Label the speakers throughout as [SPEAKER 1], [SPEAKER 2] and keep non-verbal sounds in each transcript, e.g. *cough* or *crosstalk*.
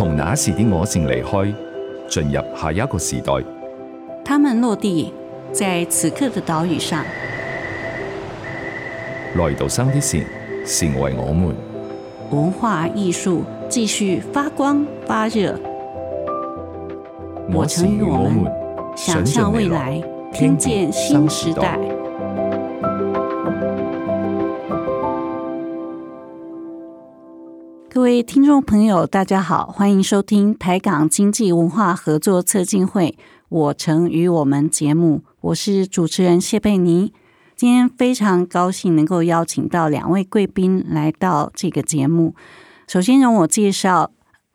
[SPEAKER 1] 從那時的我城離開，進入下一個時代。
[SPEAKER 2] 他們落地在此刻的島嶼上，
[SPEAKER 1] 來到生的時，成為我們。
[SPEAKER 2] 文化藝術繼續發光發熱。
[SPEAKER 1] 我城與我們，
[SPEAKER 2] 想象未來，聽見新時代。各位聽眾朋友，大家好，歡迎收聽台港經濟文化合作策進會我城與我們節目，我是主持人謝佩霓。今天非常高興能夠邀請到兩位貴賓來到這個節目。首先讓我介紹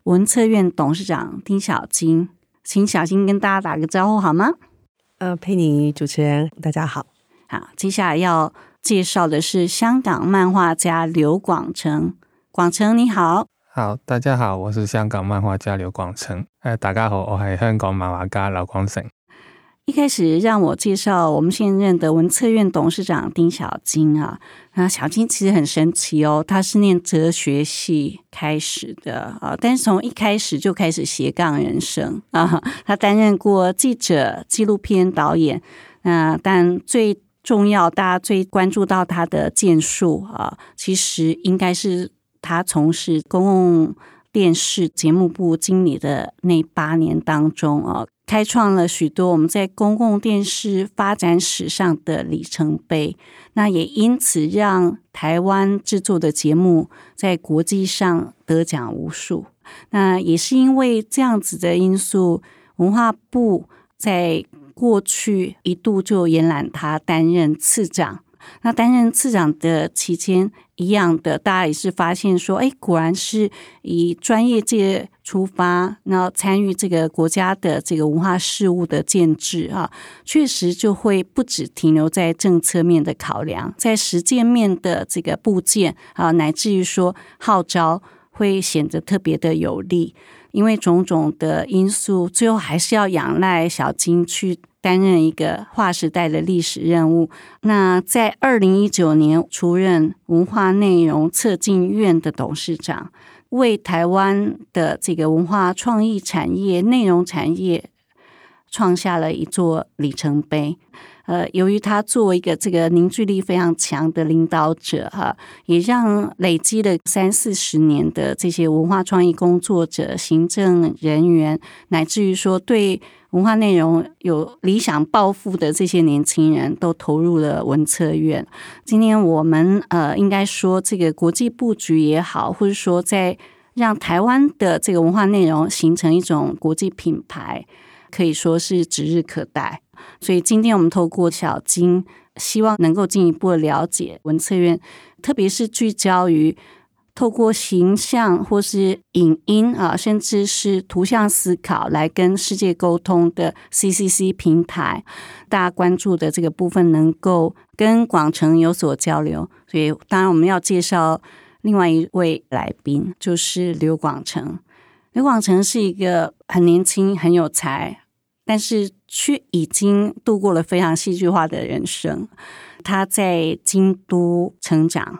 [SPEAKER 2] 文策院董事長丁曉菁，請曉菁跟大家打個招呼好嗎？呃，佩霓主持人，大家好。好，接下來要介紹的是香港漫畫家柳廣成。廣成，你好。
[SPEAKER 1] 好，大家好，我是香港漫畫家柳廣成。大家好，我係香港漫畫家柳廣成。
[SPEAKER 2] 一開始讓我介紹我們現任的文策院董事長丁曉菁啊。那曉菁其實很神奇哦，他是念哲學系開始的啊，但是從一開始就開始斜槓人生啊。他擔任過記者、紀錄片導演，那、啊、但最重要，大家最關注到他的建樹啊，其實應該是。他從事公共電視節目部經理的那八年當中啊、哦，開創了許多我們在公共電視發展史上的里程碑。那也因此讓台灣製作的節目在國際上得獎無數。那也是因為這樣子的因素，文化部在過去一度就延攬他擔任次長。那擔任次長的期間。一樣的，大家也是發現說，哎、欸，果然是以專業界出發，然後參與這個國家的這個文化事務的建制啊，確實就會不止停留在政策面的考量，在實踐面的這個部件啊，乃至於說號召，會顯得特別的有利。因為種種的因素，最後還是要仰賴曉菁去擔任一個劃時代的歷史任務。那在二零一九年出任文化內容策進院的董事長，為台灣的這個文化創意產業、內容產業創下了一座里程碑。呃，由於他作為一個這個凝聚力非常強的領導者哈、啊，也讓累積了三四十年的這些文化創意工作者、行政人員，乃至於說對文化內容有理想抱負的這些年輕人，都投入了文策院。今天我們呃，應該說這個國際布局也好，或者說在讓台灣的這個文化內容形成一種國際品牌，可以說是指日可待。所以今天我們透過曉菁，希望能夠進一步了解文策院，特別是聚焦於透過形象或是影音啊，甚至是圖像思考來跟世界溝通的 CCC 平台，大家關注的這個部分能夠跟廣成有所交流。所以當然我們要介紹另外一位來賓，就是柳廣成。柳廣成是一個很年輕、很有才。但是卻已經度過了非常戲劇化的人生。他在京都成長，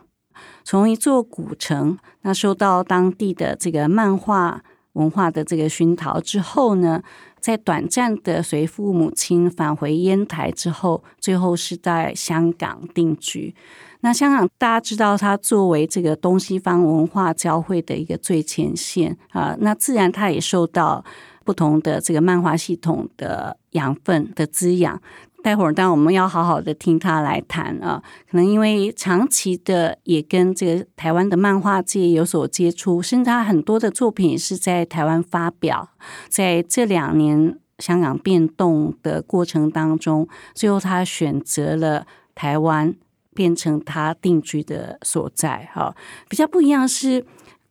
[SPEAKER 2] 從一座古城，那受到當地的這個漫畫文化的這個熏陶之後呢，在短暫的隨父母親返回煙台之後，最後是在香港定居。那香港大家知道，它作為這個東西方文化交匯的一個最前線啊、呃，那自然它也受到。不同的這個漫畫系統的養分的滋養，待會兒當然我們要好好的聽他來談啊，可能因為長期的也跟這個台灣的漫畫界有所接觸，甚至他很多的作品是在台灣發表，在這兩年香港變動的過程當中，最後他選擇了台灣，變成他定居的所在。哈，比較不一樣是。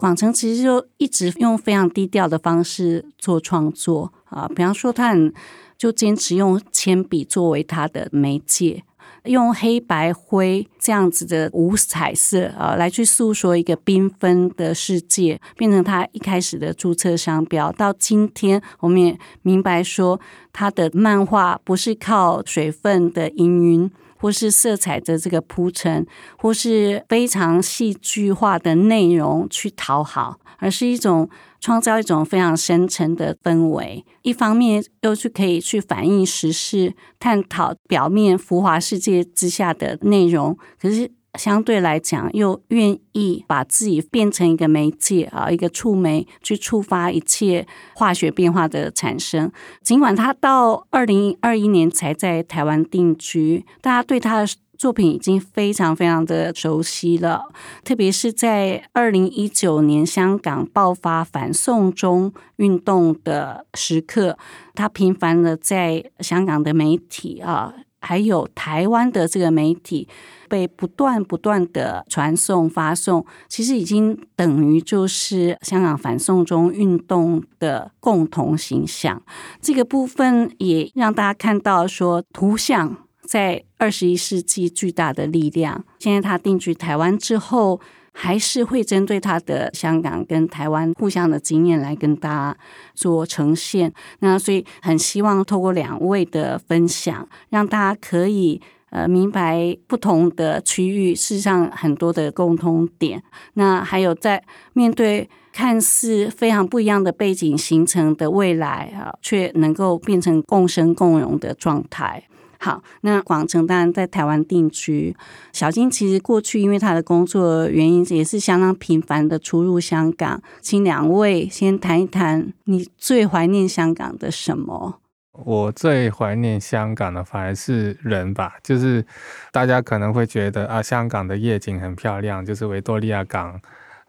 [SPEAKER 2] 廣成其實就一直用非常低調的方式做創作啊，比方說他很就堅持用鉛筆作為他的媒介，用黑白灰這樣子的無彩色啊來去訴說一個繽紛的世界，變成他一開始的注冊商標。到今天我們也明白說，他的漫畫不是靠水分的氤氲，或是色彩的這個鋪陳，或是非常戲劇化的內容去討好，而是一種創造一種非常深沉的氛圍。一方面又去可以去反映時事，探討表面浮華世界之下的內容。可是。相對來講，又願意把自己變成一個媒介啊，一個觸媒，去觸發一切化學變化的產生。儘管他到二零二一年才在台灣定居，大家對他的作品已經非常非常的熟悉了。特別是在二零一九年香港爆發反送中運動的時刻，他頻繁的在香港的媒體啊。還有台灣的這個媒體被不斷不斷的傳送發送，其實已經等於就是香港反送中運動的共同形象。這個部分也讓大家看到說，圖像在二十一世紀巨大的力量。現在他定居台灣之後。還是會針對他的香港跟台灣互相的經驗來跟大家做呈現。那所以很希望透過兩位的分享，讓大家可以呃明白不同的區域，事實上很多的共通點。那還有在面對看似非常不一樣的背景形成的未來啊，卻能夠變成共生共榮的狀態。好，那廣成當然在台灣定居。曉菁其實過去因為他的工作原因，也是相當頻繁的出入香港。請兩位先談一談，你最懷念香港的什麼？
[SPEAKER 1] 我最懷念香港的，反而是人吧。就是大家可能會覺得啊，香港的夜景很漂亮，就是維多利亞港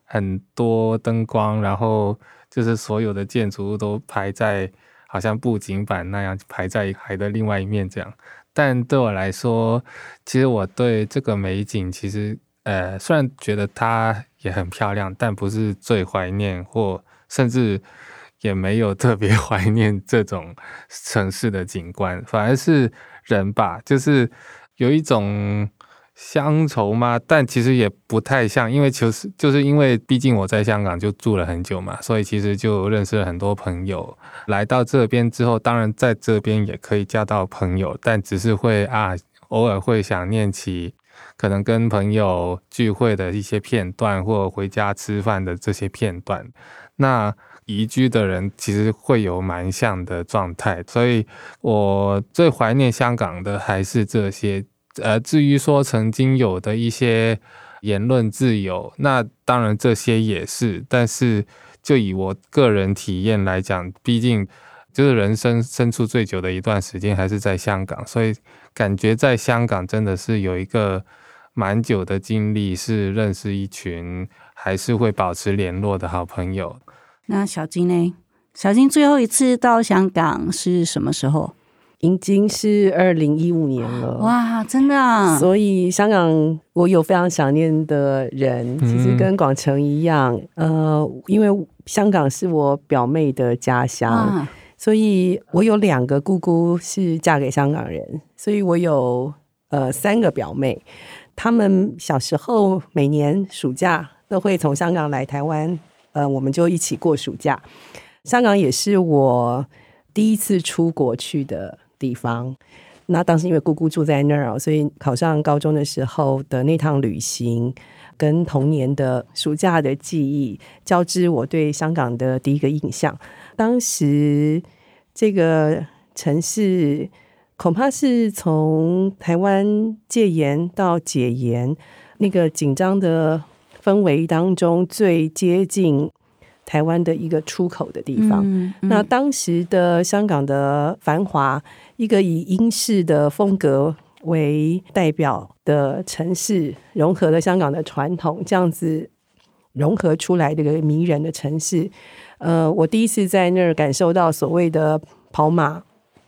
[SPEAKER 1] 很多燈光，然後就是所有的建築物都排在好像布景板那樣排在海的另外一面這樣。但對我來說，其實我對這個美景，其實呃，雖然覺得它也很漂亮，但不是最懷念，或甚至也沒有特別懷念這種城市的景觀，反而是人吧，就是有一種。鄉愁嗎？但其實也不太像，因為就是，就是因為畢竟我在香港就住了很久嘛，所以其實就認識了很多朋友。來到這邊之後，當然在這邊也可以交到朋友，但只是會啊，偶爾會想念起可能跟朋友聚會的一些片段，或回家吃飯的這些片段。那移居的人其實會有蠻像的狀態，所以我最懷念香港的還是這些。呃，至於說曾經有的一些言論自由，那當然這些也是。但是就以我個人體驗來講，畢竟就是人生身處最久的一段時間還是在香港，所以感覺在香港真的是有一個蠻久的經歷，是認識一群還是會保持聯絡的好朋友。
[SPEAKER 2] 那曉菁呢？
[SPEAKER 3] 曉菁最後一次到香港是什麼時候？已經是二零一五年了，哇，真的、啊！所以香港，我有非常想念的人，其實跟廣成一樣，嗯、呃，因為香港是我表妹的家鄉，啊、所以我有兩個姑姑是嫁給香港人，所以我有呃三個表妹，她們小時候每年暑假都會從香港來台灣，呃，我們就一起過暑假。香港也是我第一次出國去的。地方，那當時因為姑姑住在那兒，所以考上高中的時候的那趟旅行，跟童年的暑假的記憶交織，我對香港的第一個印象，當時這個城市恐怕是從台灣戒嚴到解嚴那個緊張的氛圍當中最接近台灣的一個出口的地方。嗯嗯、那當時的香港的繁華，一個以英式的風格為代表的城市，融合了香港的傳統，這樣子融合出來的一個迷人的城市。呃，我第一次在那兒感受到所謂的跑馬，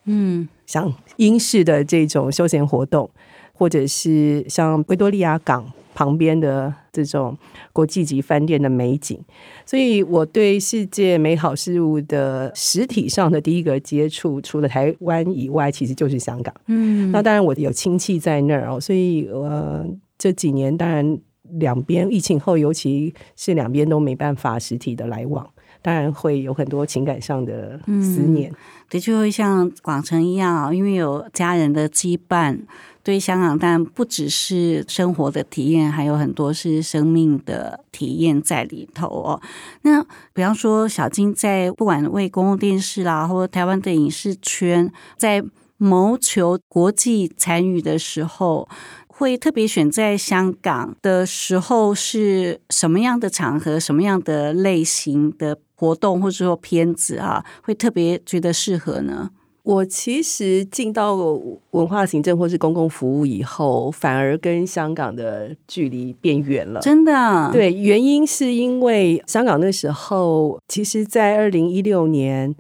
[SPEAKER 3] 嗯，像英式的這種休閒活動，或者是像維多利亞港。旁邊的這種國際級飯店的美景，所以我對世界美好事物的實體上的第一個接觸，除了台灣以外，其實就是香港。嗯，那當然我有親戚在那兒哦，所以呃這幾年當然兩邊疫情後，尤其是兩邊都沒辦法實體的來往，當然會有很多情感上的思念。嗯，的確會像廣成一樣，因為有家人的羈
[SPEAKER 2] 絆。對香港，當然不只是生活的體驗，還有很多是生命的體驗在裡頭哦。那比方說，曉菁在不管為公共電視啦，或者台灣的影視圈，在謀求國際參與的時候，會特別選在香港的時候，是什麼樣的場合、什麼樣的類型的活動，或者說片子
[SPEAKER 3] 啊，會特別覺得適合呢？我其實進到文化行政或是公共服務以後，反而跟香港的距離變遠了。真的，對，原因是因為香港那時候，其實在2016，在二零一六年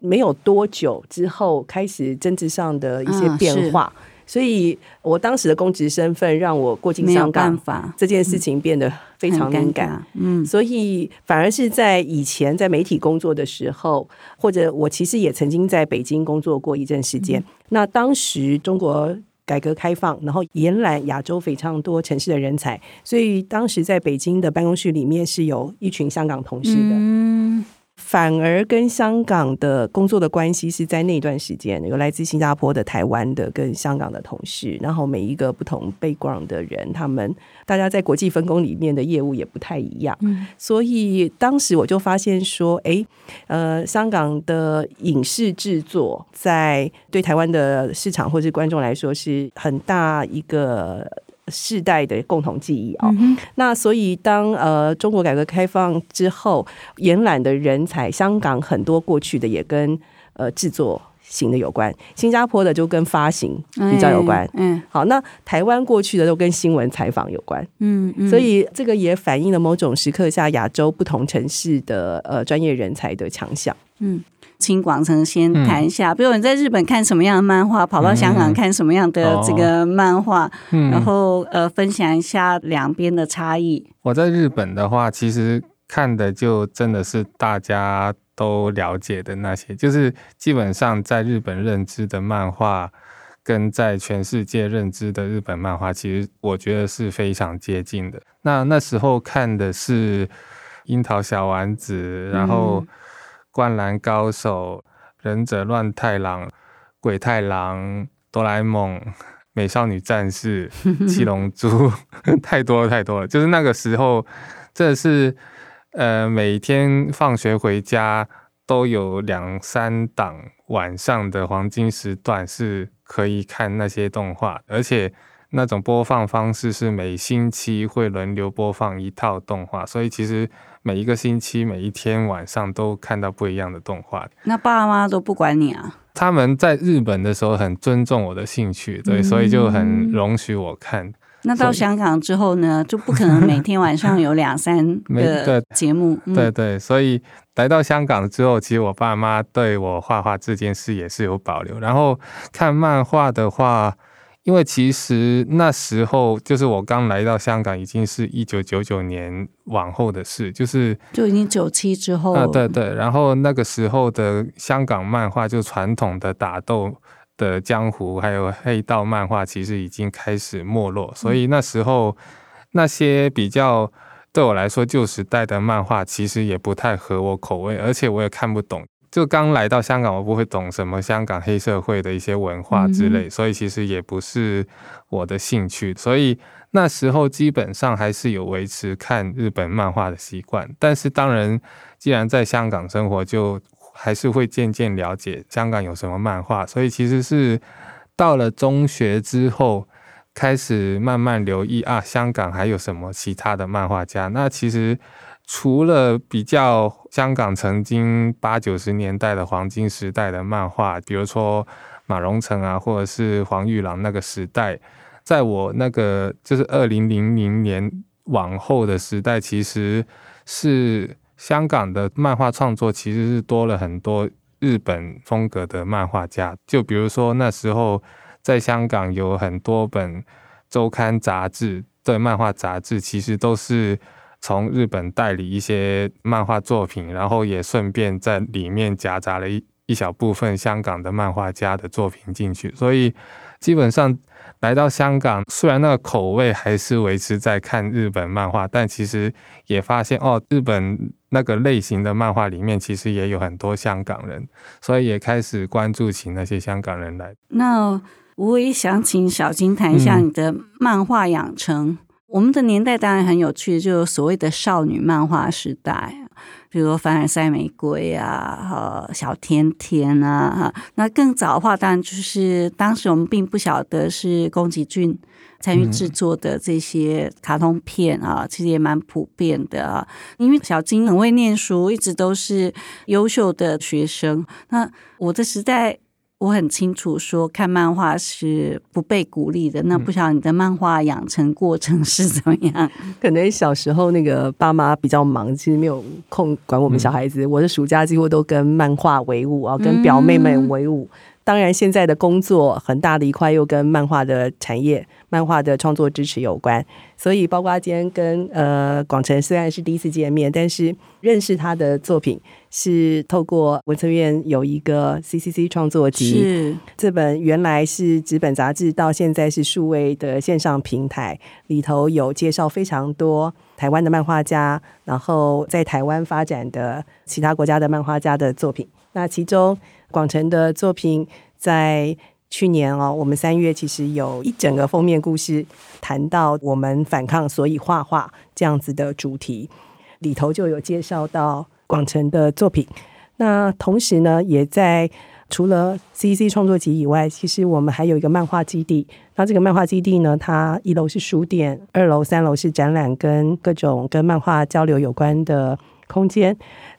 [SPEAKER 3] 沒有多久之後，開始政治上的一些變化。嗯所以，我當時的公職身份讓我過境香港這件事情變得非常尷尬。嗯，所以反而是在以前在媒體工作的時候，或者我其實也曾經在北京工作過一陣時間。嗯。那當時中國改革開放，然後延攬亞洲非常多城市的人才，所以當時在北京的辦公室裡面是有一群香港同事的。嗯。反而跟香港的工作的關係是在那段時間，有來自新加坡的、台灣的跟香港的同事，然後每一個不同 background 的人，他們大家在國際分工裡面的業務也不太一樣，嗯、所以當時我就發現說，哎、欸，呃，香港的影視製作在對台灣的市場或是觀眾來說是很大一個。世代的共同記憶啊，嗯、哼那所以當呃中國改革開放之後延攬的人才，香港很多過去的也跟呃製作型的有關，新加坡的就跟發行比較有關，嗯、哎哎哎，好，那台灣過去的都跟新聞採訪有關，嗯、
[SPEAKER 2] 嗯，所以
[SPEAKER 3] 這個也反映了某種時刻下亞洲不同城市的呃專業人才的強項，嗯。柳廣成先談一下，嗯、比如你在日
[SPEAKER 2] 本看什麼樣的
[SPEAKER 3] 漫畫，跑到香港看什麼樣
[SPEAKER 2] 的這個漫畫，嗯哦嗯、然後呃分享一下兩邊的差異。我
[SPEAKER 1] 在日本的話，其實看的就真的是大家都了解的那些，就是基本上在日本認知的漫畫，跟在全世界認知的日本漫畫，其實我覺得是非常接近的。那那時候看的是《櫻桃小丸子》，然後、嗯。灌籃高手、忍者亂太郎、鬼太郎、哆啦 A 夢、美少女戰士、七龍珠， *laughs* 太多了太多了。就是那個時候，這是呃，每天放學回家都有兩三檔晚上的黃金時段是可以看那些動畫，而且那種播放方式是每星期會輪流播放一套動畫，所以其實。每一個星期，每一天晚上都看到不一樣的動畫。
[SPEAKER 2] 那爸媽都不管你啊？
[SPEAKER 1] 他們在日本的時候很尊重我的興趣，對，所以就很容許我看。嗯、所
[SPEAKER 2] 以那到香港之後呢，就不可能每天晚上有兩三個
[SPEAKER 1] 節目。 *laughs* 對對，對，所以來到香港之後，其實我爸媽對我畫畫這件事也是有保留。然後看漫畫的話。因為其實那時候就是我剛來到香港，已經是一九九九年往後的事，就是
[SPEAKER 2] 就已經九七之後啊、呃，對
[SPEAKER 1] 對。然後那個時候的香港漫畫，就傳統的打鬥的江湖，還有黑道漫畫，其實已經開始沒落。所以那時候那些比較對我來說舊時代的漫畫，其實也不太合我口味，而且我也看不懂。就剛來到香港，我不會懂什麼香港黑社會的一些文化之類，所以其實也不是我的興趣。所以那時候基本上還是有維持看日本漫畫的習慣，但是當然，既然在香港生活，就還是會漸漸了解香港有什麼漫畫。所以其實是到了中學之後，開始慢慢留意啊，香港還有什麼其他的漫畫家。那其實。除了比較香港曾經八九十年代的黃金時代的漫畫，比如說馬榮成啊，或者是黃玉郎那個時代，在我那個就是二零零零年往後的時代，其實是香港的漫畫創作其實是多了很多日本風格的漫畫家，就比如說那時候在香港有很多本周刊雜誌，對，漫畫雜誌，其實都是。從日本代理一些漫畫作品，然後也順便在裡面夾雜了一一小部分香港的漫畫家的作品進去，所以基本上來到香港，雖然那個口味還是維持在看日本漫畫，但其實也發現哦，日本那個類型的漫畫裡面其實也有很多香港人，所以也開始關注起那些香港人來。
[SPEAKER 2] 那我也想請小金談一下你的漫畫養成。嗯我們的年代當然很有趣，就所謂的少女漫畫時代，比如說《凡爾賽玫瑰》啊，哦、《小甜甜》啊，那更早的話，當然就是當時我們並不曉得是宮崎駿參與製作的這些卡通片啊，其實也蠻普遍的。啊，因為小菁很會念書，一直都是優秀的學生。那我的時代。我很清楚說看漫畫是不被
[SPEAKER 3] 鼓勵的，那不曉得你的漫畫養成過程是怎麼樣？可能小時候那個爸媽比較忙，其實沒有空管我們小孩子。嗯。我的暑假幾乎都跟漫畫為伍啊，跟表妹們為伍。嗯。當然，現在的工作很大的一塊又跟漫畫的產業、漫畫的創作支持有關。所以，包括今天跟呃廣成雖然是第一次見面，但是認識他的作品是透過文策院有一個 CCC 創作集。是這本原來是紙本雜誌，到現在是數位的線上平台，裡頭有介紹非常多台灣的漫畫家，然後在台灣發展的其他國家的漫畫家的作品。那其中。廣成的作品在去年哦，我們三月其實有一整個封面故事，談到我們反抗，所以畫畫這樣子的主題，裡頭就有介紹到廣成的作品。那同時呢，也在除了 CC 創作集以外，其實我們還有一個漫畫基地。那這個漫畫基地呢，它一樓是書店，二樓、三樓是展覽跟各種跟漫畫交流有關的空間。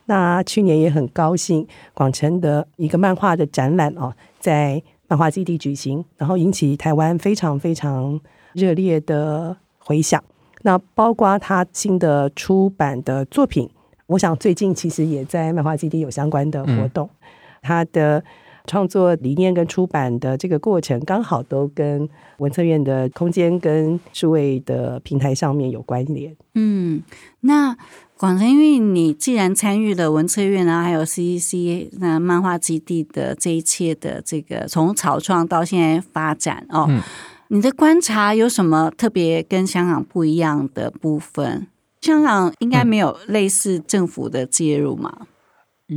[SPEAKER 3] 那去年也很高興，廣成的一個漫畫的展覽哦，在漫畫基地舉行，然後引起台灣非常非常熱烈的回響。那包括他新的出版的作品，我想最近其實也在漫畫基地有相關的活動，嗯、他的。創作理念跟出版的這個過程，剛好都跟文策院的空間跟數位的平台上面有關聯。嗯，
[SPEAKER 2] 那廣成，因為你既然參與了文策院啊，還有 CCC 那漫畫基地的這一切的這個從草創到現在發展哦，嗯、你的觀察有什麼特別跟香港不一樣的部分？香港應該沒有類似政府的介入嘛？嗯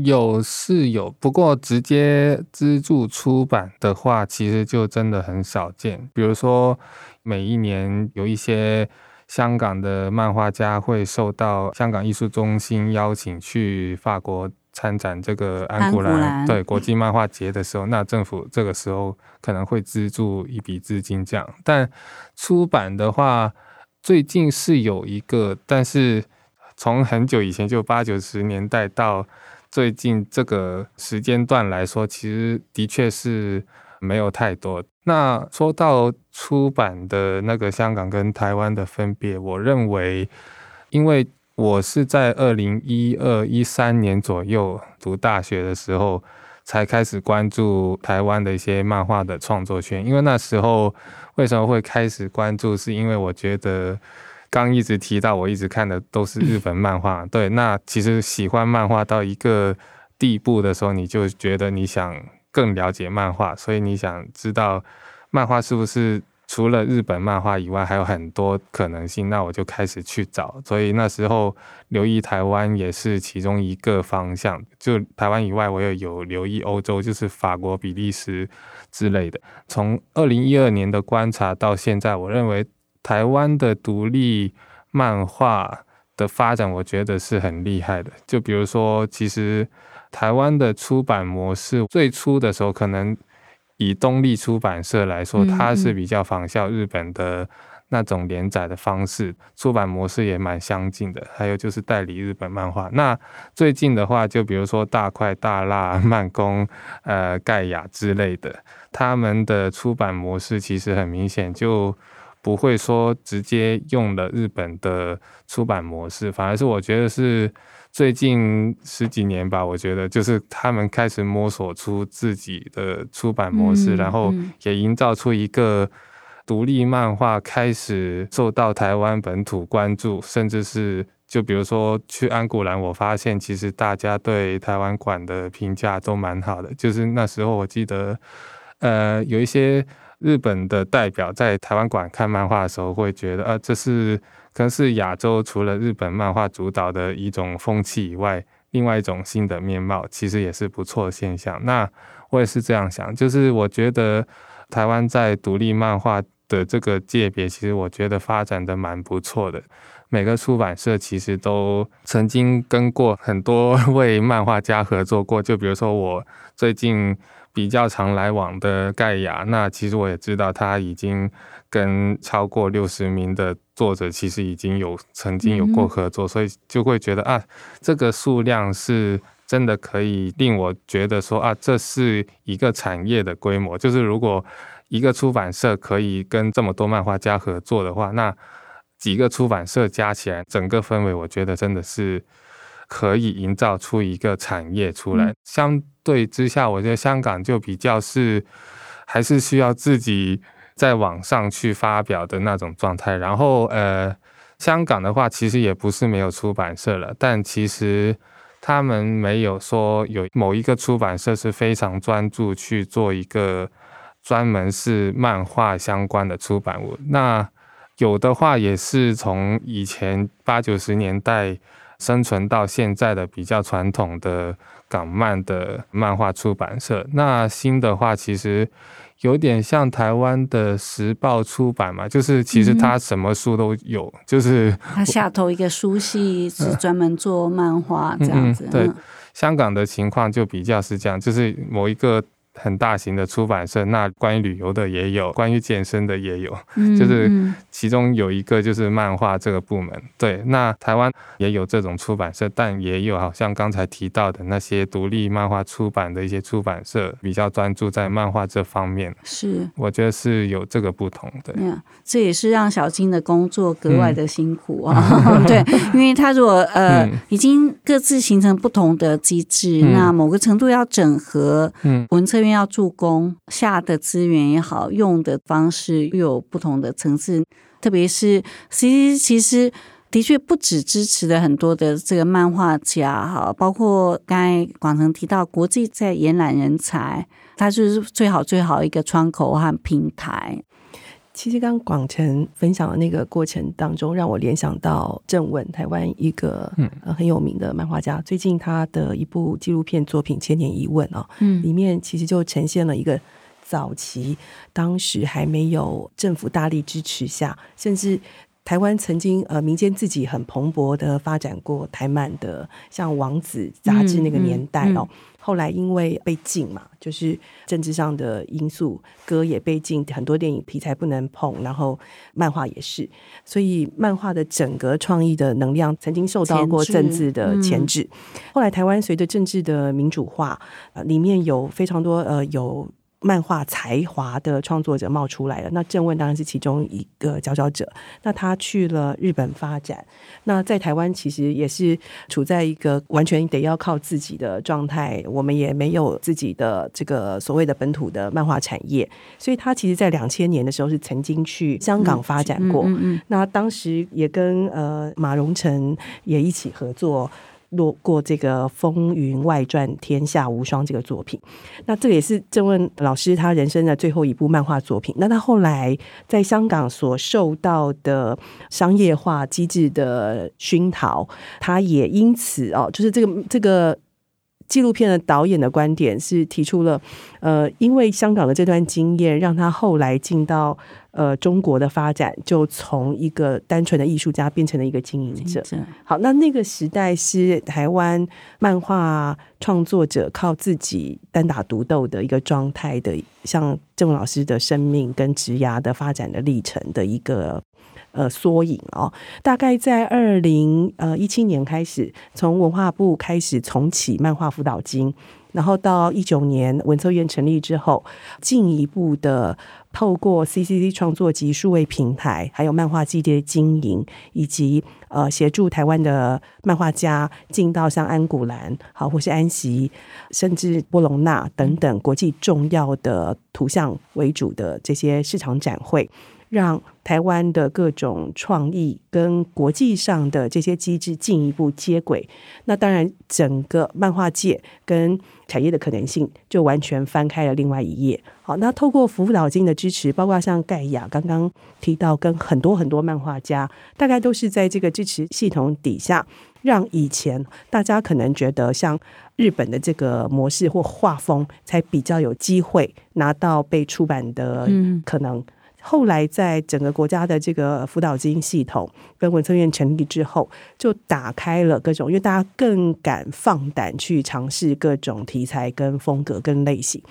[SPEAKER 1] 有是有，不過直接資助出版的話，其實就真的很少見。比如說，每一年有一些香港的漫畫家會受到香港藝術中心邀請去法國參展這個安古蘭，安古蘭對國際漫畫節的時候，嗯、那政府這個時候可能會資助一筆資金這樣。但出版的話，最近是有一個，但是從很久以前就八九十年代到。最近這個時間段來說，其實的確是沒有太多。那說到出版的那個香港跟台灣的分別，我認為，因為我是在二零一二一三年左右讀大學的時候，才開始關注台灣的一些漫畫的創作圈。因為那時候為什麼會開始關注，是因為我覺得。剛一直提到，我一直看的都是日本漫畫。對，那其實喜歡漫畫到一個地步的時候，你就覺得你想更了解漫畫，所以你想知道漫畫是不是除了日本漫畫以外還有很多可能性。那我就開始去找，所以那時候留意台灣也是其中一個方向。就台灣以外，我也有留意歐洲，就是法國、比利時之類的。從二零一二年的觀察到現在，我認為。台灣的獨立漫畫的發展，我覺得是很厲害的。就比如說，其實台灣的出版模式，最初的時候可能以東立出版社來說，它是比較仿效日本的那種連載的方式，嗯嗯，出版模式也蠻相近的。還有就是代理日本漫畫。那最近的話，就比如說大塊大辣慢工、呃蓋亞之類的，他們的出版模式其實很明顯就。不會說直接用了日本的出版模式，反而是我覺得是最近十幾年吧，我覺得就是他們開始摸索出自己的出版模式，嗯、然後也營造出一個獨立漫畫、嗯、開始受到台灣本土關注，甚至是就比如說去安古蘭，我發現其實大家對台灣館的評價都蠻好的，就是那時候我記得，呃，有一些。日本的代表在台灣館看漫畫的時候，會覺得，啊、呃，這是可能是亞洲除了日本漫畫主導的一種風氣以外，另外一種新的面貌，其實也是不錯的現象。那我也是這樣想，就是我覺得台灣在獨立漫畫的這個界別，其實我覺得發展的蠻不錯的。每個出版社其實都曾經跟過很多位漫畫家合作過，就比如說我最近。比較常來往的蓋亞，那其實我也知道，他已經跟超過六十名的作者，其實已經有曾經有過合作，嗯、所以就會覺得啊，這個數量是真的可以令我覺得說啊，這是一個產業的規模。就是如果一個出版社可以跟這麼多漫畫家合作的話，那幾個出版社加起來，整個氛圍，我覺得真的是可以營造出一個產業出來。嗯，相所以之下，我覺得香港就比較是還是需要自己在網上去發表的那種狀態。然後，呃，香港的話其實也不是沒有出版社了，但其實他們沒有說有某一個出版社是非常專注去做一個專門是漫畫相關的出版物。那有的話也是從以前八九十年代生存到現在的比較傳統的。港漫的漫畫出版社，那新的話其實有點像台灣的時報出版嘛，就是其實它什麼書都有，嗯、就是
[SPEAKER 2] 它下頭一個書系是專門做漫畫、呃、這樣子嗯嗯。對，
[SPEAKER 1] 香港的情況就比較是這樣，就是某一個。很大型的出版社，那關於旅遊的也有，關於健身的也有，嗯嗯，就是其中有一個就是漫畫這個部門。對，那台灣也有這種出版社，但也有好像剛才提到的那些獨立漫畫出版的一些出版社，比較專注在漫畫這方面。是，我覺得是有這個不
[SPEAKER 2] 同的。對，這也是讓曉菁的工作格外的辛苦啊、哦。嗯、 *laughs* *laughs* 對，因為他如果呃、嗯、已經各自形成不同的機制，嗯、那某個程度要整合文策院、嗯。因為要助攻下的資源也好，用的方式又有不同的層次，特別是其實其實的確不止支持了很多的這個漫畫家哈，包括剛才廣成提到國際在
[SPEAKER 3] 延攬人才，它就是最好最好一個窗口和平台。其實，剛剛廣成分享的那個過程當中，讓我聯想到鄭問，台灣一個嗯很有名的漫畫家。最近他的一部紀錄片作品《千年一問》哦，嗯，裡面其實就呈現了一個早期，當時還沒有政府大力支持下，甚至台灣曾經呃民間自己很蓬勃的發展過台漫的，像《王子》雜誌那個年代哦。嗯嗯嗯後來因為被禁嘛，就是政治上的因素，歌也被禁，很多電影題材不能碰，然後漫畫也是，所以漫畫的整個創意的能量曾經受到過政治的牽制。前置嗯。後來台灣隨着政治的民主化，呃，裡面有非常多呃有。漫畫才華的創作者冒出來了，那鄭問當然是其中一個佼佼者。那他去了日本發展，那在台灣其實也是處在一個完全得要靠自己的狀態，我們也沒有自己的這個所謂的本土的漫畫產業，所以他其實，在兩千年的時候是曾經去香港發展過，嗯嗯嗯嗯、那當時也跟呃馬榮成也一起合作。落過這個《風雲外傳》，天下無雙這個作品，那這個也是鄭問老師他人生的最後一部漫畫作品。那他後來在香港所受到的商業化機制的熏陶他也因此哦，就是這個這個。紀錄片的導演的觀點是提出了，呃，因為香港的這段經驗，讓他後來進到呃，中國的發展，就從一個單純的藝術家變成了一個經營者。好，那那個時代是台灣漫畫創作者靠自己單打獨鬥的一個狀態的，像鄭老師的生命跟職涯的發展的歷程的一個。呃，縮影哦，大概在二零呃一七年開始，從文化部開始重啟漫畫輔導金，然後到一九年文策院成立之後，進一步的透過 CCC 創作集數位平台，還有漫畫基地的經營，以及呃協助台灣的漫畫家進到像安古蘭好或是安錫，甚至波隆納等等國際重要的圖像為主的這些市場展會。讓台灣的各種創意跟國際上的這些機制進一步接軌。那當然，整個漫畫界跟產業的可能性就完全翻開了另外一頁。好，那透過輔導金的支持，包括像蓋亞剛剛提到，跟很多很多漫畫家，大概都是在這個支持系統底下，讓以前大家可能覺得像日本的這個模式或畫風，才比較有機會拿到被出版的可能。嗯。後來在整個國家的這個輔導金系統跟文策院成立之後，就打開了各種，因為大家更敢放膽去嘗試各種題材、跟風格、跟類型。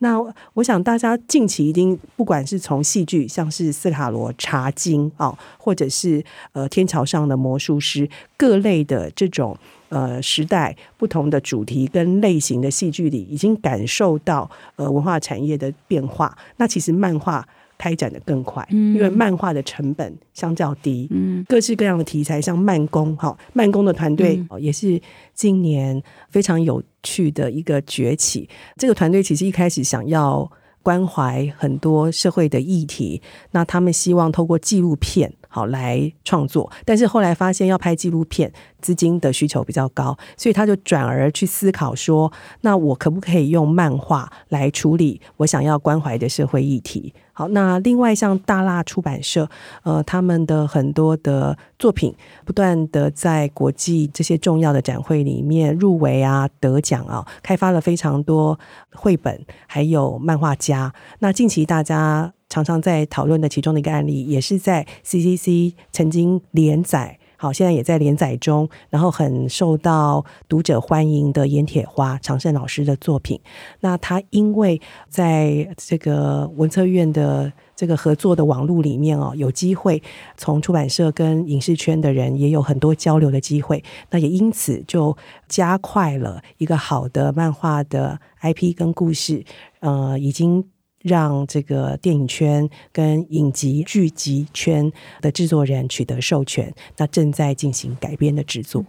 [SPEAKER 3] 那我想大家近期一定不管是從戲劇，像是斯卡羅、茶金啊，或者是呃天橋上的魔術師，各類的這種呃時代不同的主題跟類型的戲劇裡，已經感受到呃文化產業的變化。那其實漫畫。開展得更快，因為漫畫的成本相較低。嗯，各式各樣的題材，像慢工哈，慢工的團隊也是今年非常有趣的一個崛起。嗯、這個團隊其實一開始想要關懷很多社會的議題，那他們希望透過紀錄片好來創作，但是後來發現要拍紀錄片資金的需求比較高，所以他就轉而去思考說：那我可不可以用漫畫來處理我想要關懷的社會議題？好，那另外像大辣出版社，呃，他們的很多的作品不斷的在國際這些重要的展會裡面入圍啊、得獎啊，開發了非常多繪本，還有漫畫家。那近期大家常常在討論的其中的一個案例，也是在 CCC 曾經連載。好，現在也在連載中，然後很受到讀者歡迎的《閻鐵花》常勝老師的作品。那他因為在這個文策院的這個合作的網路裡面哦，有機會從出版社跟影視圈的人也有很多交流的機會，那也因此就加快了一個好的漫畫的 IP 跟故事，呃，已經。讓這個電影圈跟影集劇集圈的製作人取得授權，那正在進行改編的製作，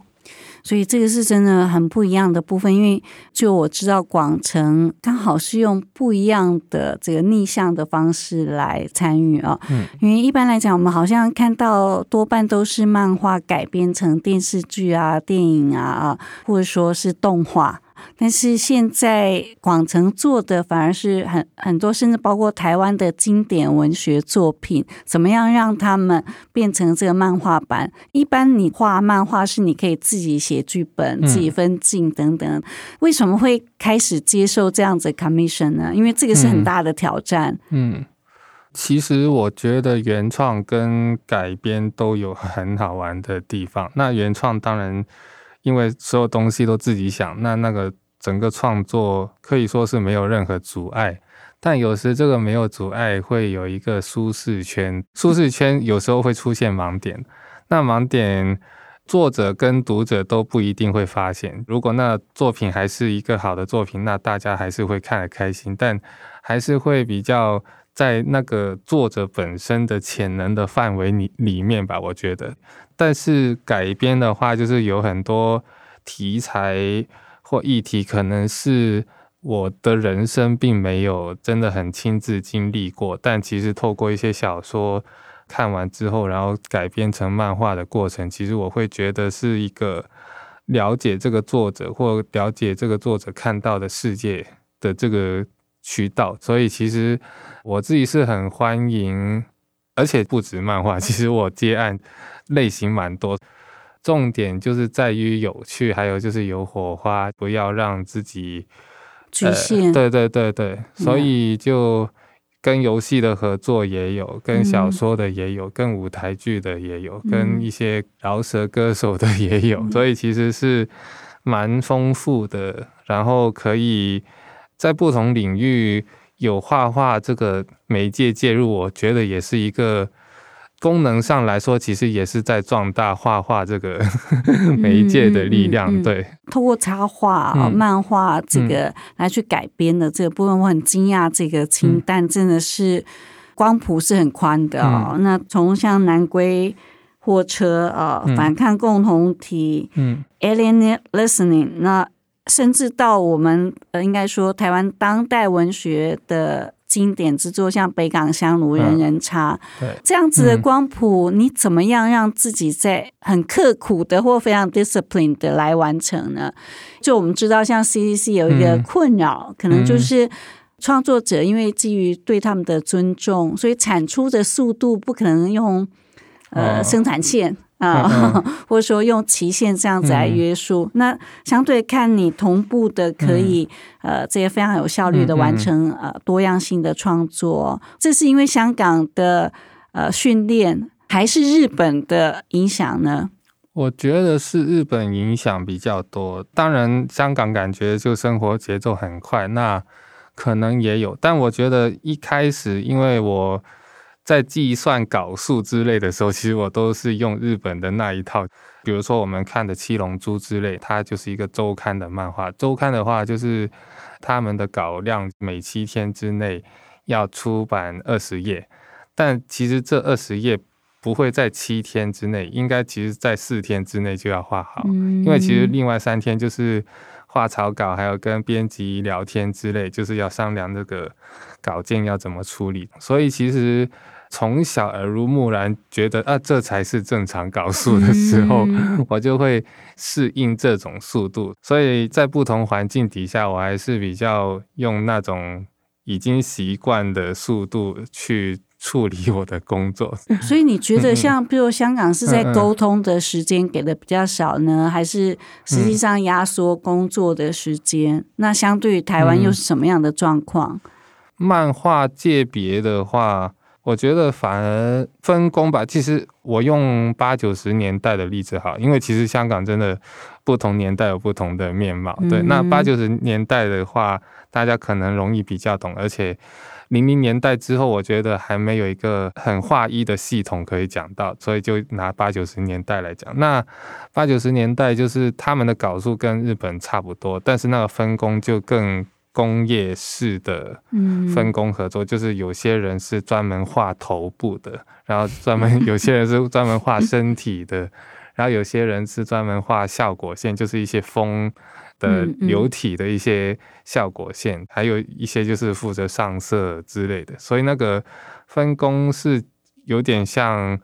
[SPEAKER 2] 所以這個是真的很不一樣的部分。因為就我知道，廣成剛好是用不一樣的這個逆向的方式來參與啊。嗯，因為一般來講，我們好像看到多半都是漫畫改編成電視劇啊、電影啊，或者說是動畫。但是現在廣成做的反而是很很多，甚至包括台灣的經典文學作品，怎麼樣讓他們變成這個漫畫版？一般你畫漫畫是你可以自己寫劇本、自己分鏡等等，嗯，為什麼會開始接受這樣子 commission 呢？因為這個是很大的挑戰。嗯，
[SPEAKER 1] 嗯，其實我覺得原創跟改編都有很好玩的地方。那原創當然。因為所有東西都自己想，那那個整個創作可以說是沒有任何阻礙。但有時這個沒有阻礙會有一個舒適圈，舒適圈有時候會出現盲點。那盲點作者跟讀者都不一定會發現。如果那作品還是一個好的作品，那大家還是會看得開心，但還是會比較。在那個作者本身的潛能的範圍裡裡面吧，我覺得。但是改編的話，就是有很多題材或議題，可能是我的人生並沒有真的很親自經歷過。但其實透過一些小說看完之後，然後改編成漫畫的過程，其實我會覺得是一個了解這個作者或了解這個作者看到的世界的這個。渠道，所以其實我自己是很歡迎，而且不止漫畫，其實我接案類型蠻多，重點就是在於有趣，還有就是有火花，不要讓自己局限性、呃。對對對對，所以就跟遊戲的合作也有，嗯、跟小說的也有，跟舞台劇的也有，嗯、跟一些饒舌歌手的也有，嗯、所以其實是蠻豐富的，然後可以。在不同領域有畫畫這個媒介介入，我覺得也是一個功能上來說，其實也是在壯大畫畫這個媒介的力量。對，嗯
[SPEAKER 2] 嗯嗯嗯，透過插畫、嗯、漫畫這個來去改編的這個部分，嗯、我很驚訝，這個清單真的是光譜是很寬的哦。嗯、那從像南歸貨車啊，反抗共同體，嗯，Alien、嗯、Listening 那。甚至到我們呃，應該說台灣當代文學的經典之作，像北港香爐人、人人插，嗯、這樣子的光譜，你怎麼樣讓自己在很刻苦的或非常 disciplined 的來完成呢？就我們知道，像 c c 有一個困擾，嗯、可能就是創作者因為基於對他們的尊重，所以產出的速度不可能用呃生產線。哦啊、呃，或者說用期限這樣子來約束，嗯、那相對看你同步的可以，嗯、呃，這些非常有效率的完成、嗯、呃多樣性的創作，這是因為香港的呃訓練還是日本的影響呢？
[SPEAKER 1] 我覺得是日本影響比較多，當然香港感覺就生活節奏很快，那可能也有，但我覺得一開始因為我。在計算稿數之類的時候，其實我都是用日本的那一套。比如說，我們看的《七龍珠》之類，它就是一個周刊的漫畫。周刊的話，就是他們的稿量每七天之內要出版二十頁，但其實這二十頁不會在七天之內，應該其實在四天之內就要畫好，嗯、因為其實另外三天就是。畫草稿，還有跟編輯聊天之類，就是要商量這個稿件要怎麼處理。所以其實從小耳濡目染，覺得啊這才是正常稿速的時候，嗯、我就會適應這種速度。所以在不同環境底下，我還是比較用那種已經習慣的速度去。處理我的工作。嗯，
[SPEAKER 2] 所以你覺得像比如香港是在溝通的時間給的比較少呢？還是實際上壓縮工作的時間？那相對於台灣又是什麼樣的狀況？
[SPEAKER 1] 嗯，漫畫界別的話，我覺得反而分工吧。其實我用八九十年代的例子好，因為其實香港真的不同年代有不同的面貌。對，那八九十年代的話，大家可能容易比較懂，而且。零零年代之後，我覺得還沒有一個很劃一的系統可以講到，所以就拿八九十年代來講。那八九十年代就是他們的稿數跟日本差不多，但是那個分工就更工業式的分工合作，嗯、就是有些人是專門畫頭部的，然後專門有些人是專門畫身體的， *laughs* 然後有些人是專門畫效果線，就是一些風。的流體的一些效果線，嗯嗯、還有一些就是負責上色之類的，所以那個分工是有點像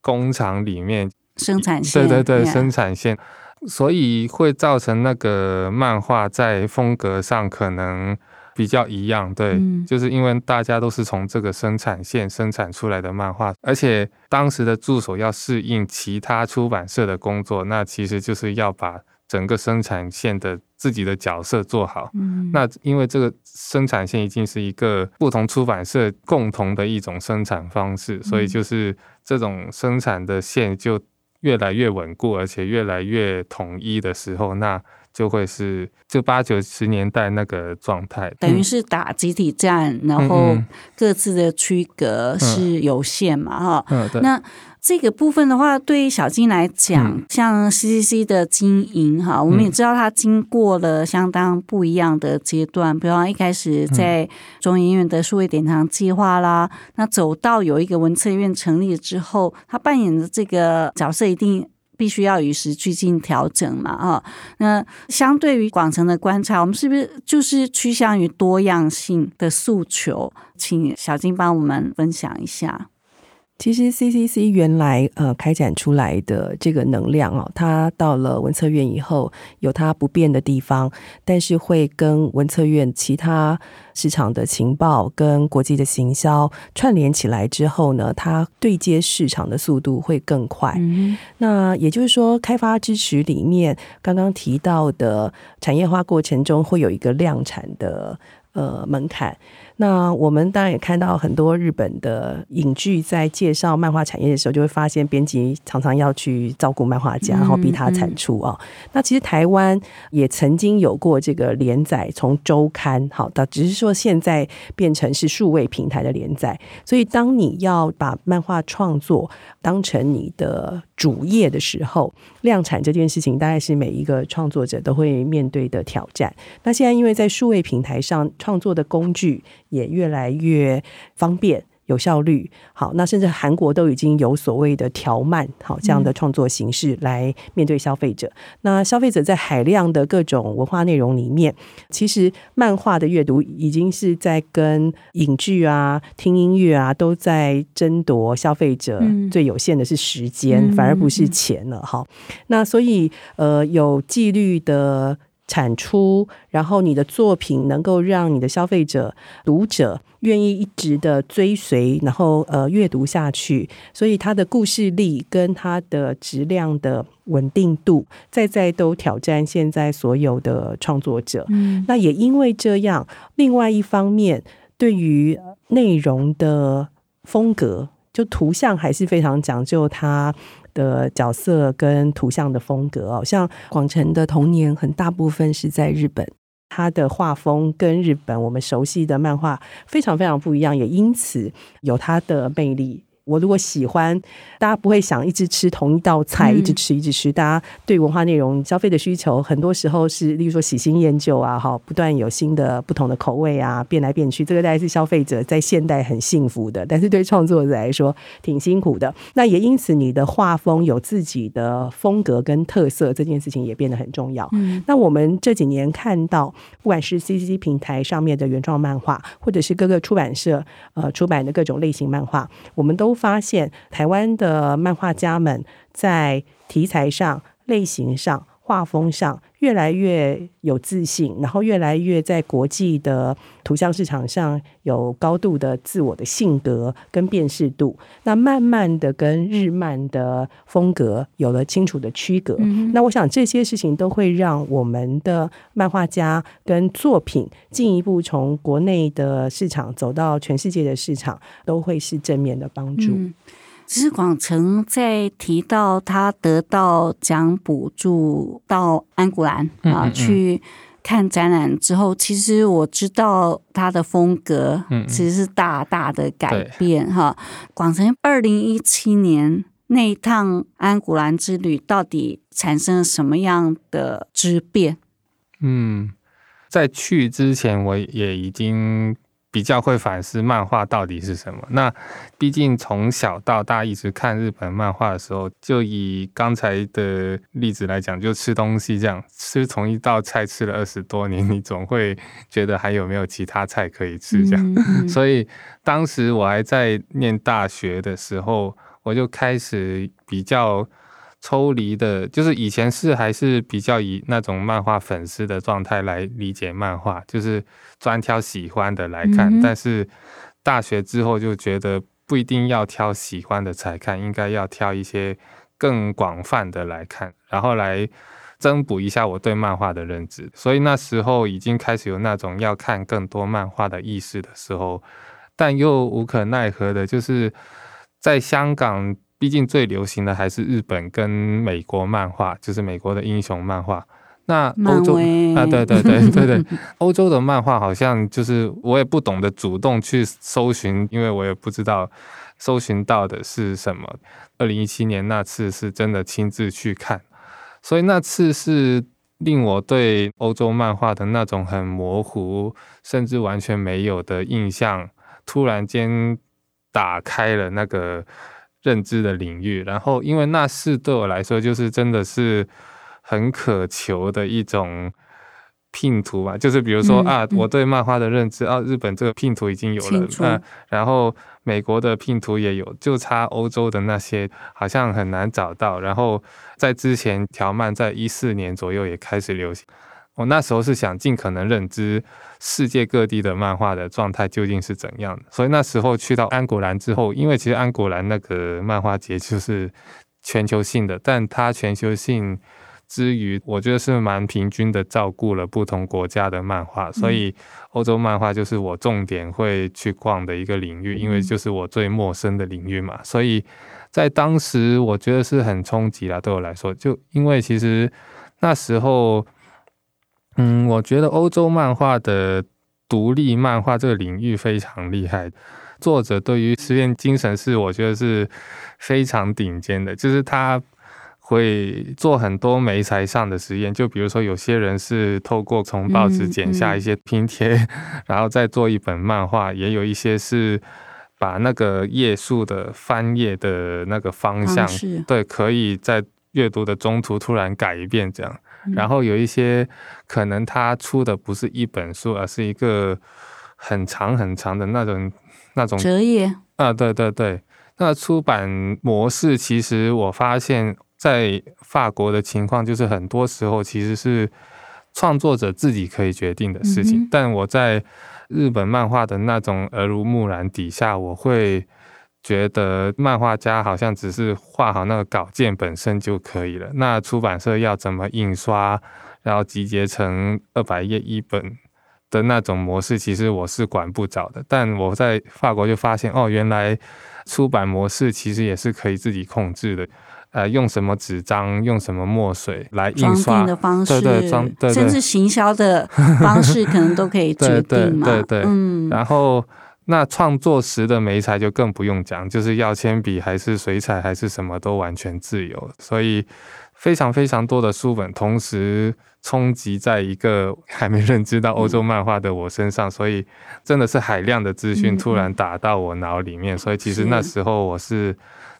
[SPEAKER 1] 工廠裡面
[SPEAKER 2] 生產線，對對對，嗯、生
[SPEAKER 1] 產線，所以會造成那個漫畫在風格上可能比較一樣，對，嗯、就是因為大家都是從這個生產線生產出來的漫畫，而且當時的助手要適應其他出版社的工作，那其實就是要把。整個生產線的自己的角色做好，嗯、那因為這個生產線已經是一個不同出版社共同的一種生產方式，嗯、所以就是這種生產的線就越來越穩固，而且越來越統一的時候，那就會是就八九十年代那個狀態，等於是
[SPEAKER 2] 打集體戰，嗯、然後各自的區隔是有限嘛，哈、嗯嗯，嗯，對，那。這個部分的話，對於曉菁來講，嗯、像 C C C 的經營哈，嗯、我們也知道它經過了相當不一樣的階段，嗯、比方一開始在中研院的數位典藏計劃啦，嗯、那走到有一個文策院成立之後，它扮演的這個角色一定必須要與時俱進調整嘛哈，那相對於廣成的觀察，我們是不是就是趨向於多樣性的訴求？請曉菁幫我們分享一下。
[SPEAKER 3] 其實 CCC 原來呃開展出來的這個能量哦，它到了文策院以後有它不變的地方，但是會跟文策院其他市場的情報跟國際的行銷串聯起來之後呢，它對接市場的速度會更快。嗯哼。那也就是說，開發支持裡面剛剛提到的產業化過程中會有一個量產的呃門檻。那我們當然也看到很多日本的影劇在介紹漫畫產業的時候，就會發現編輯常常要去照顧漫畫家，然後逼他產出哦、嗯，嗯、那其實台灣也曾經有過這個連載，從週刊好到，只是說現在變成是數位平台的連載。所以當你要把漫畫創作當成你的主業的時候，量產這件事情大概是每一個創作者都會面對的挑戰。那現在因為在數位平台上創作的工具。也越來越方便、有效率。好，那甚至韓國都已經有所謂的“條漫”，好，這樣的創作形式來面對消費者。嗯、那消費者在海量的各種文化內容裡面，其實漫畫的閱讀已經是在跟影劇啊、聽音樂啊都在爭奪消費者最有限的是時間，嗯、反而不是錢了。好，那所以呃，有紀律的。產出，然後你的作品能夠讓你的消費者、讀者願意一直的追隨，然後呃閱讀下去，所以它的故事力跟它的質量的穩定度，再再都挑戰現在所有的創作者。嗯，那也因為這樣，另外一方面，對於內容的風格，就圖像還是非常講究它。的角色跟圖像的風格哦，像廣成的童年很大部分是在日本，他的畫風跟日本我們熟悉的漫畫非常非常不一樣，也因此有他的魅力。我如果喜歡，大家不會想一直吃同一道菜，嗯、一直吃一直吃。大家對文化內容消費的需求，很多時候是，例如說喜新厭舊啊，哈，不斷有新的、不同的口味啊，變來變去。這個大家是消費者在現代很幸福的，但是對創作者來說挺辛苦的。那也因此，你的畫風有自己的風格跟特色，這件事情也變得很重要。嗯、那我們這幾年看到，不管是 CCC 平台上面的原創漫畫，或者是各個出版社呃出版的各種類型漫畫，我們都。發現台灣的漫畫家們在題材上、類型上、畫風上越來越有自信，然後越來越在國際的圖像市場上有高度的自我的性格跟辨識度。那慢慢的跟日漫的風格有了清楚的區隔。嗯。那我想這些事情都會讓我們的漫畫家跟作品進一步從國內的市場走到全世界的市場，都會是正面的幫助。其實廣成在提到他得到獎補助
[SPEAKER 2] 到安古蘭啊、嗯嗯嗯、去看展覽之後，其實我知道他的風格其實是大大的改變哈。嗯嗯廣成，二零一七年那一趟安古蘭之旅到底產生了什麼樣的質變？嗯，
[SPEAKER 1] 在去之前我也已經。比較會反思漫畫到底是什麼。那畢竟從小到大一直看日本漫畫的時候，就以剛才的例子來講，就吃東西這樣，吃同一道菜吃了二十多年，你總會覺得還有沒有其他菜可以吃這樣。 *laughs* 所以當時我還在念大學的時候，我就開始比較。抽離的，就是以前是還是比較以那種漫畫粉絲的狀態來理解漫畫，就是專挑喜歡的來看。嗯哼。但是大學之後就覺得不一定要挑喜歡的才看，應該要挑一些更廣泛的來看，然後來增補一下我對漫畫的認知。所以那時候已經開始有那種要看更多漫畫的意識的時候，但又無可奈何的，就是在香港。畢竟最流行的還是日本跟美國漫畫，就是美國的英雄漫畫。那歐洲啊，對對對對對，歐洲的漫畫好像就是我也不懂得主動去搜尋，因為我也不知道搜尋到的是什麼。2017年那次是真的親自去看，所以那次是令我對歐洲漫畫的那種很模糊，甚至完全沒有的印象，突然間打開了那個。認知的領域，然後因為那是對我來說就是真的是很渴求的一種拼圖嘛，就是比如說、嗯、啊，我對漫畫的認知啊，日本這個拼圖已經有了，那楚、啊、然後美國的拼圖也有，就差歐洲的那些好像很難找到。然後在之前，條漫，在一四年左右也開始流行。我那時候是想盡可能認知世界各地的漫畫的狀態究竟是怎樣的，所以那時候去到安古蘭之後，因為其實安古蘭那個漫畫節就是全球性的，但它全球性之餘，我覺得是蠻平均的照顧了不同國家的漫畫，所以歐洲漫畫就是我重點會去逛的一個領域，因為就是我最陌生的領域嘛，所以在當時我覺得是很衝擊啊，對我來說，就因為其實那時候。嗯，我覺得歐洲漫畫的獨立漫畫這個領域非常厲害。作者對於實驗精神是，我覺得是非常頂尖的，就是他會做很多媒材上的實驗。就比如說，有些人是透過從報紙剪下一些拼貼，嗯嗯、然後再做一本漫畫，也有一些是把那個頁數的翻頁的那個方向，啊、對，可以在閱讀的中途突然改變，這樣。然後有一些可能他出的不是一本書，而是一個很長很長的那種那種折頁。折頁啊，對對對。那出版模式其實我發現在法國的情況，就是很多時候其實是創作者自己可以決定的事情。嗯、哼但我在日本漫畫的那種耳濡目染底下，我會。覺得漫畫家好像只是畫好那個稿件本身就可以了。那出版社要怎麼印刷，然後集結成二百頁一本的那種模式，其實我是管不着的。但我在法國就發現，哦，原來出版模式其實也是可以自己控制的。呃，用什麼紙張，用什麼墨水來印刷，裝訂的方式，對對，裝，對對，甚至
[SPEAKER 2] 行銷的方式可能都可以決定 *laughs* 對，對對對對，嗯，
[SPEAKER 1] 然後。那創作時的媒材就更不用講，就是要鉛筆還是水彩還是什麼都完全自由，所以非常非常多的書本同時衝擊在一個還沒認知到歐洲漫畫的我身上，嗯、所以真的是海量的資訊突然打到我腦裡面，嗯嗯，所以其實那時候我是。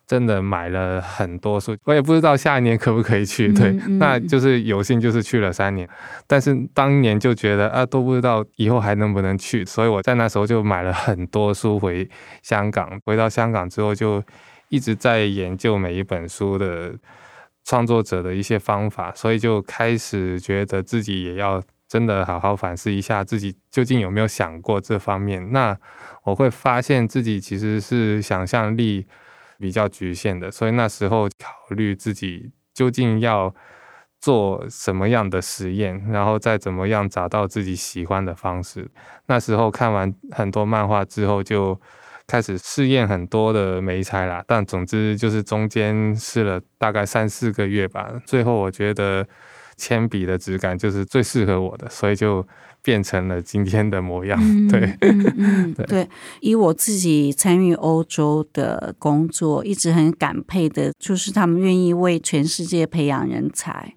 [SPEAKER 1] 真的買了很多書，我也不知道下一年可不可以去，對，嗯嗯、那就是有幸就是去了三年，但是當年就覺得啊，都不知道以後還能不能去，所以我在那時候就買了很多書回香港，回到香港之後就一直在研究每一本書的創作者的一些方法，所以就開始覺得自己也要真的好好反思一下自己究竟有沒有想過這方面。那我會發現自己其實是想象力。比較局限的，所以那時候考慮自己究竟要做什麼樣的實驗，然後再怎麼樣找到自己喜歡的方式。那時候看完很多漫畫之後，就開始試驗很多的媒材啦。但總之就是中間試了大概三四個月吧，最後我覺得鉛筆的質感就是最適合我的，所以就。變成了今天的模樣。對、嗯，
[SPEAKER 2] 嗯嗯、 *laughs* 對，對，以我自己參與歐洲的工作，一直很感佩的，就是他們願意為全世界培養人才，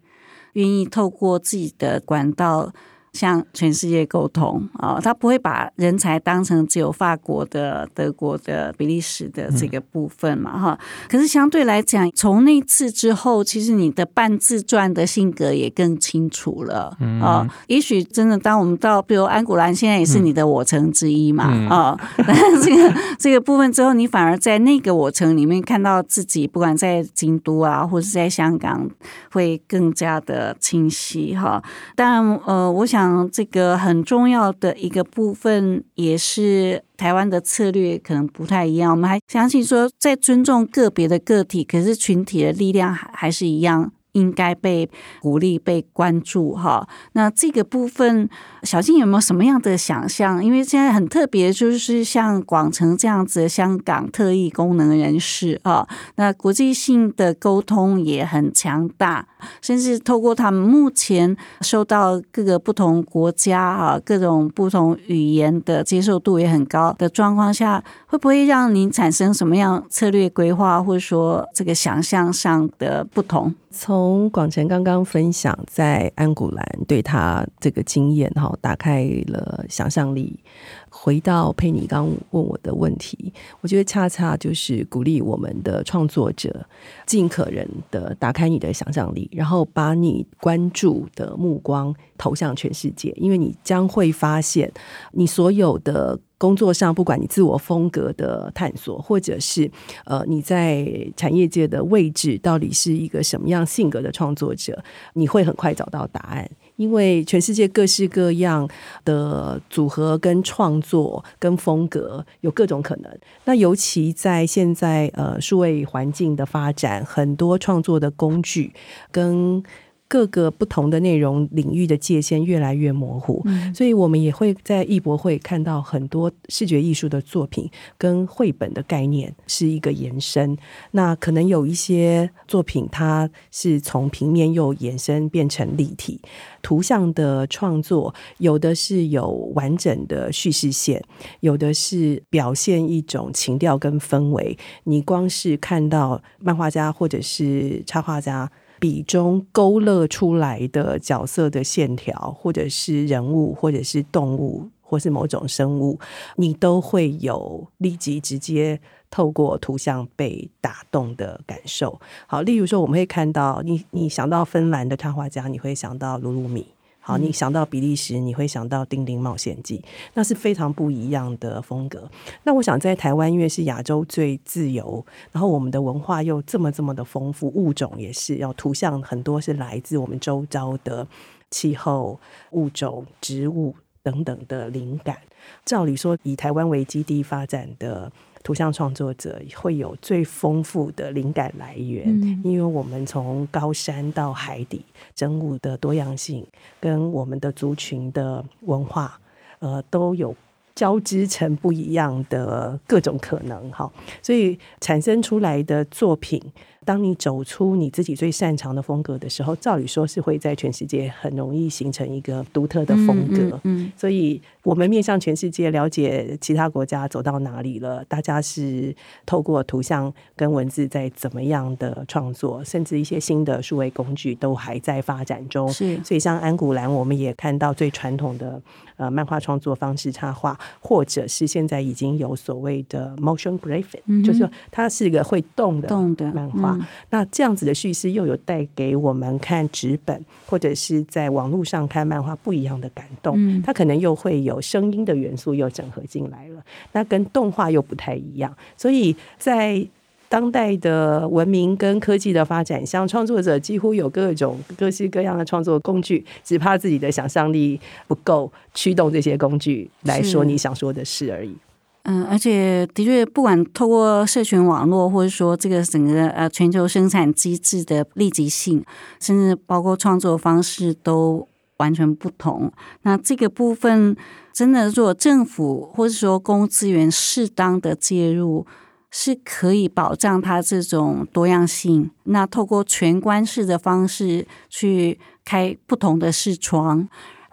[SPEAKER 2] 願意透過自己的管道，向全世界溝通啊、哦，他不會把人才當成只有法國的、德國的、比利時的這個部分嘛哈。嗯、可是相對來講，從那次之後，其實你的半自傳的性格也更清楚了啊。哦嗯、也許真的，當我們到比如說安古蘭，現在也是你的我城之一嘛啊。這個 *laughs* 這個部分之後，你反而在那個我城裡面看到自己，不管在京都啊，或是在香港，會更加的清晰哈。當、哦、然呃，我想。嗯，這個很重要的一個部分，也是台灣的策略可能不太一樣。我們還相信說，在尊重個別的個體，可是群體的力量還還是一樣應該被鼓勵、被關注哈。那這個部分，小菁有沒有什麼樣的想象？因為現在很特別，就是像廣成這樣子的香港特異功能人士啊，那國際性的溝通也很強大。甚至透過他們目前受到各個不同國家、啊、各種不同語言的接受度也很高的狀況下，會不會讓您產生什麼樣策略規劃，
[SPEAKER 3] 或者說這個想象上的不同？從廣成剛剛分享在安古蘭對他這個經驗，哈，打開了想象力。回到佩霓剛問我的問題，我覺得恰恰就是鼓勵我們的創作者盡可能的打開你的想象力，然後把你關注的目光投向全世界，因為你將會發現，你所有的工作上，不管你自我風格的探索，或者是呃你在產業界的位置，到底是一個什麼樣性格的創作者，你會很快找到答案。因為全世界各式各樣的組合跟創作跟風格有各種可能。那尤其在現在，呃，數位環境的發展，很多創作的工具跟。各個不同的內容領域的界限，越來越模糊，嗯、所以我們也會在藝博會看到很多視覺藝術的作品跟繪本的概念是一個延伸。那可能有一些作品，它是從平面又延伸變成立體圖像的創作，有的是有完整的敘事線，有的是表現一種情調跟氛圍。你光是看到漫畫家或者是插畫家。筆中勾勒出來的角色的線條，或者是人物，或者是動物，或是某種生物，你都會有立即直接透過圖像被打動的感受。好，例如說，我們會看到你，你想到芬蘭的插畫家，你會想到魯魯米。啊，你想到比利時，你會想到《丁丁冒險記》，那是非常不一樣的風格。那我想在台灣，因為是亞洲最自由，然後我們的文化又這麼這麼的豐富，物種也是要圖像很多是來自我們周遭的氣候、物種、植物等等的靈感。照理說，以台灣為基地發展的。圖像創作者會有最豐富的靈感來源，嗯、因為我們從高山到海底，生物的多樣性跟我們的族群的文化，呃，都有交織成不一樣的各種可能哈，所以產生出來的作品。當你走出你自己最擅長的風格的時候，照理說是會在全世界很容易形成一個獨特的風格。嗯，嗯嗯，所以我們面向全世界了解，其他國家走到哪裡了，大家是透過圖像跟文字在怎麼樣的創作，甚至一些新的數位工具都還在發展中。是，所以像安古蘭，我們也看到最傳統的。呃，漫畫創作方式插畫，或者是現在已經有所謂的 motion graphic、嗯、哼就是說它是一個會動的漫畫。嗯、那這樣子的敘事又有帶給我們看紙本，或者是在網絡上看漫畫不一樣的感動。嗯、它可能又會有聲音的元素又整合進來了，那跟動畫又不太一樣。所以在當代的文明跟科技的發展，像創作者幾乎有各種各式各樣的創作工具，只怕自己的想象力不夠驅動這些工具來說你想說的事而已。
[SPEAKER 2] 嗯，而且的確，不管透過社群網絡，或者說這個整個呃全球生產機制的立即性，甚至包括創作方式都完全不同。那這個部分，真的如果政府或者說公共資源適當的介入。是可以保障它這種多樣性。那透過全觀式的方式去開不同的視窗。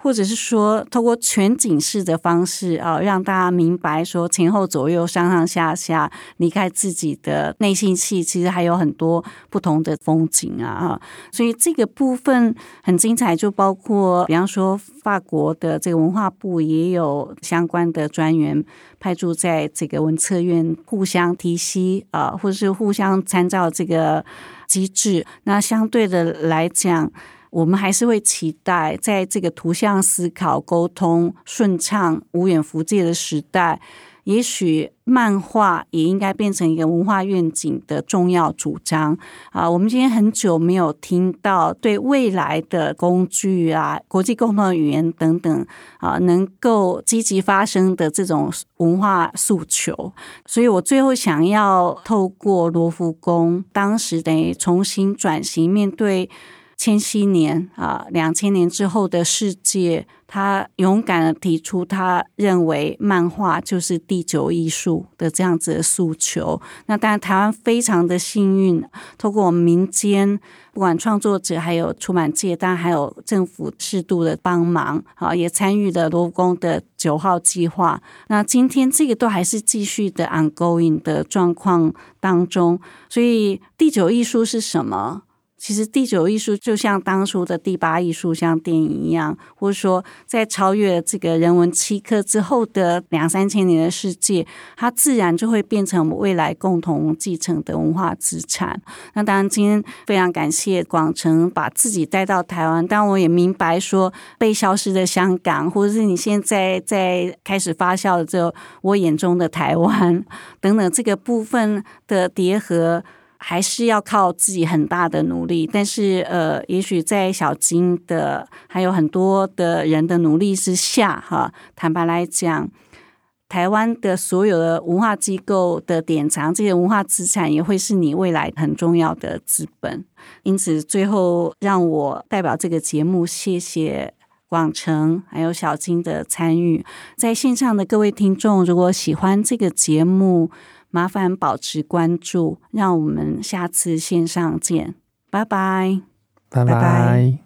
[SPEAKER 2] 或者是說，透過全景式的方式啊，讓大家明白說，前後左右、上上下下，離開自己的內心戲，其實還有很多不同的風景啊，啊。所以這個部分很精彩，就包括比方說法國的這個文化部也有相關的專員派駐在這個文策院，互相提攜啊，或者是互相參照這個機制。那相對的來講，我們還是會期待，在這個圖像思考、溝通順暢、無遠弗屆的時代，也許漫畫也應該變成一個文化願景的重要主張啊！我們今天很久沒有聽到對未來的工具啊、國際共同語言等等啊，能夠積極發聲的這種文化訴求。所以我最後想要透過羅浮宮，當時等於重新轉型面對。千禧年啊，兩千年之後的世界，他勇敢的提出，他認為漫畫就是第九藝術的這樣子的訴求。那當然，台灣非常的幸運，透過我們民間，不管創作者、還有出版界，當然還有政府適度的幫忙，啊，也參與了羅浮宮的九號計劃。那今天這個都還是繼續的 ongoing 的狀況當中，所以第九藝術是什麼？其實第九藝術就像當初的第八藝術，像電影一樣，或者說在超越這個人文七科之後的兩三千年的世界，它自然就會變成未來共同繼承的文化資產。那當然，今天非常感謝廣成把自己帶到台灣，但我也明白說被消失的香港，或者是你現在在開始發酵了之後，我眼中的台灣等等這個部分的疊合。還是要靠自己很大的努力，但是呃，也許在曉菁的還有很多的人的努力之下，哈，坦白來講，台灣的所有的文化機構的典藏，這些文化資產也會是你未來很重要的資本。因此，最後讓我代表這個節目，謝謝廣成還有曉菁的參與，在線上的各位聽眾，如果喜歡這個節目。麻煩保持關注，讓我們下次線上見，拜拜，拜拜，拜拜。